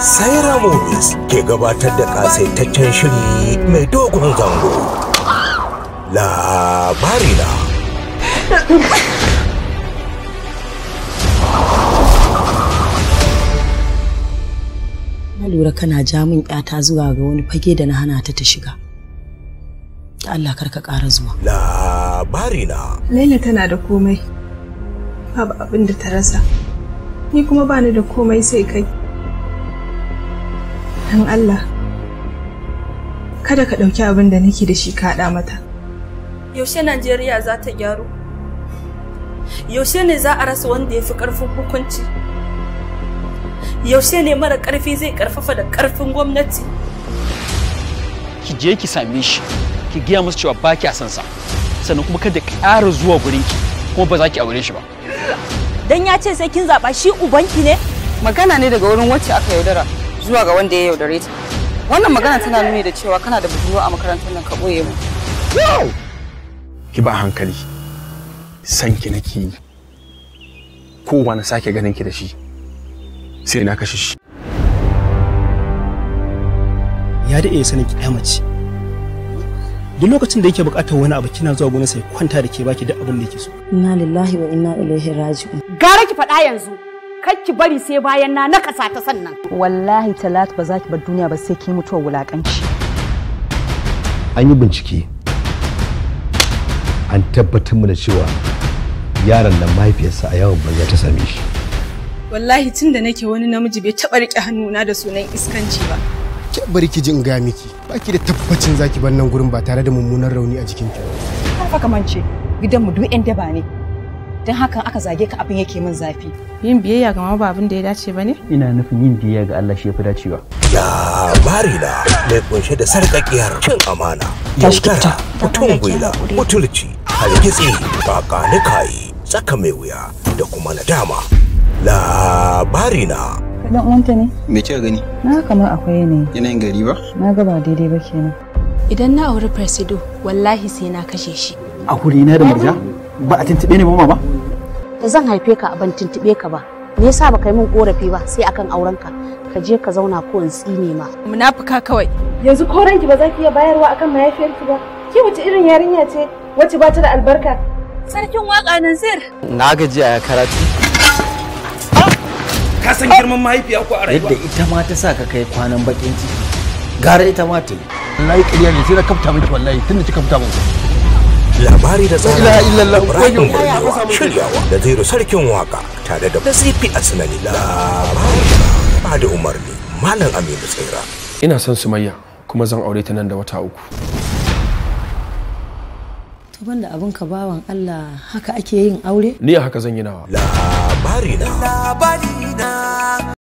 Saira Movies ke gabatar da kasaitaccen shiri mai dogon zango. Labarina. Na lura kana ja min ƴata zuwa ga wani fage da na hana ta ta shiga. Da Allah karka ƙara zuwa. Labarina. Laila tana da komai. Babu abin da ta rasa. Ni kuma bani da komai sai kai. don Allah kada ka ɗauki abin da nake da shi kaɗa mata yaushe Najeriya za ta gyaru yaushe ne za a rasa wanda ya fi ƙarfin hukunci yaushe ne mara ƙarfi zai ƙarfafa da ƙarfin gwamnati ki je ki same shi ki gaya musu cewa ba a son sa sannan kuma kada ƙara zuwa gurin ki kuma ba za ki aure shi ba dan ya ce sai kin zaɓa shi ubanki ne magana ne daga wurin wacce aka yaudara zuwa ga wanda ya yaudare ta wannan magana tana nuni da cewa kana da budurwa a makarantar nan ka boye mu ki ba hankali san ki nake yi ko wani sake ganin ki da shi sai na kashe shi ya daɗe ya sanin ki mace duk lokacin da yake buƙatar wani abu kina zuwa gona sai kwanta da ke baki duk abin da yake so inna lillahi wa inna ilaihi raji'un gara ki faɗa yanzu ki bari sai bayan na nakasa ta sannan. Wallahi Talatu ba za ki bar duniya ba sai ki mutuwa wulakanci. An yi bincike. An tabbatar mana cewa yaron nan mahaifiyarsa a yawon banza ta same shi. Wallahi tun da nake wani namiji bai taɓa riƙe na da sunan iskanci ba. Ki bari ki ji in ga miki. Ba ki da tabbacin zaki bar nan gurin ba tare da mummunan rauni a jikinki. Ka kamance gidanmu duk 'yan daba ne. don hakan aka zage ka abin yake min zafi yin biyayya ga mama ba abin da ya dace ba ne ina nufin yin biyayya ga Allah shi ya fi dacewa bari na mai kunshe da sarƙaƙiyar cin amana yaudara mutum gwila mutulci hargitsi ba kayi tsaka mai wuya da kuma nadama labari na dan uwanta ne me kika gani na kamar akwai yanayi yanayin gari ba na ga ba daidai ba kenan idan na auri presido wallahi sai na kashe shi a na da murja ba a tuntube ne ba ba da zan haife ka ban tuntube ka ba me yasa baka yi min korafi ba sai akan aurenka ka je ka zauna ko in tsine ma munafuka kawai yanzu koranki ba za ki iya bayarwa akan mahaifiyarki ba ki wace irin yarinya ce wacce ba ta da albarka sarkin waka Nazir na gaji a karatu ah! ka san girman mahaifiya ko a rayuwa yadda ita ma ta sa ka kai kwanan bakin ciki gara ita ma ta yi na yi ƙarya ne sai na kafta miki wallahi tunda kika fita min labari da tsara ibrahim burgewa shiryawa da zero sarkin waka tare da nasifi asinani labari da umarni malam aminu tsira ina son sumayya kuma zan aure ta nan da wata uku to banda abin ka bawan allah haka ake yin aure ni haka zan yi nawa labari na labari na